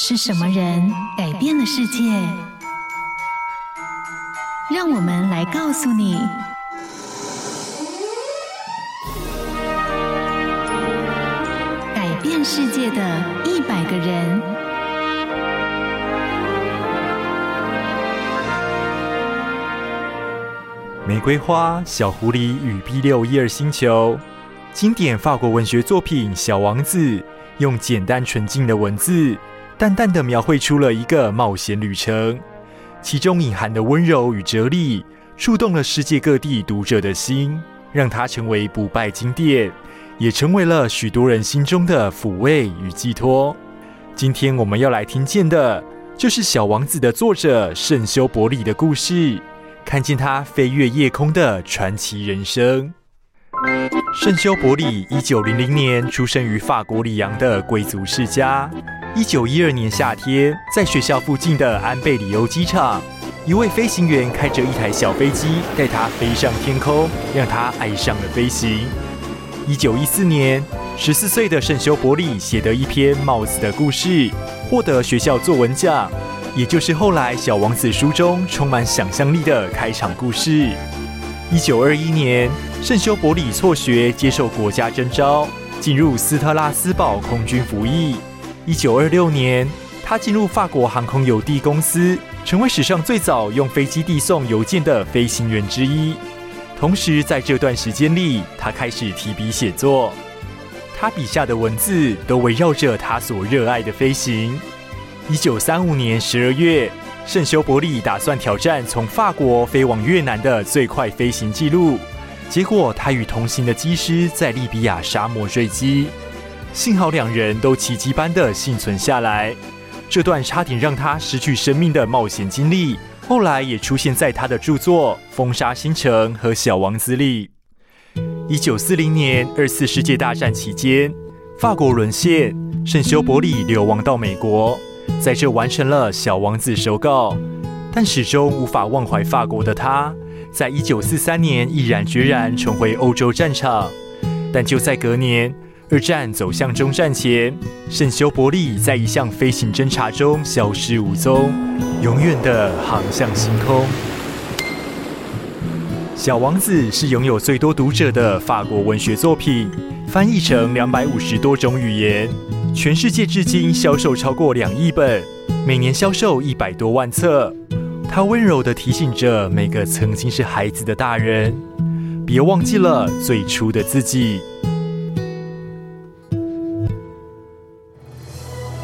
是什麼人改變了世界？讓我們來告訴你：改變世界的一百個人。玫瑰花、小狐狸與 B 六一二星球，經典法國文學作品《小王子》，用簡單純淨的文字，淡淡的描繪出了一個冒險旅程，其中隱含的溫柔與哲理，觸動了世界各地讀者的心，讓它成為不敗經典，也成為了許多人心中的撫慰與寄托。今天我們要來聽見的就是《小王子》的作者聖修伯里的故事，看見他飛越夜空的傳奇人生。聖修伯里一九零零年出生於法國里昂的貴族世家。一九一二年夏天，在學校附近的安貝裡歐機場，一位飛行員開着一台小飛機帶他飛上天空，讓他愛上了飛行。一九一四年，十四歲的聖修伯裡寫的一篇《帽子的故事》獲得學校作文獎，也就是後來《小王子》書中充滿想象力的開場故事。一九二一年，聖修伯裡輟學，接受國家徵召，進入斯特拉斯堡空軍服役。一九二六年，他進入法國航空郵遞公司，成為史上最早用飛機遞送郵件的飛行員之一。同時，在這段時間裡，他開始提筆寫作。他筆下的文字都圍繞着他所熱愛的飛行。一九三五年十二月，聖修伯里打算挑戰從法國飛往越南的最快飛行記錄。結果，他與同行的機師在利比亞沙漠墜機。幸好兩人都奇蹟般的幸存下來，這段差點讓他失去生命的冒險經歷，後來也出現在他的著作《風沙星辰》和《小王子》裡。一九四零年，二次世界大戰期間，法國淪陷，聖修伯里流亡到美國，在這完成了《小王子》手稿。但始終無法忘懷法國的他，在一九四三年毅然決然重回歐洲戰場，但就在隔年，二戰走向終戰前，聖修伯里在一項飛行偵察中消失無蹤，永遠的航向星空。小王子是擁有最多讀者的法國文學作品，翻譯成兩百五十多種語言，全世界至今銷售超過兩億本，每年銷售一百多萬冊。他溫柔地提醒着每個曾經是孩子的大人，別忘記了最初的自己。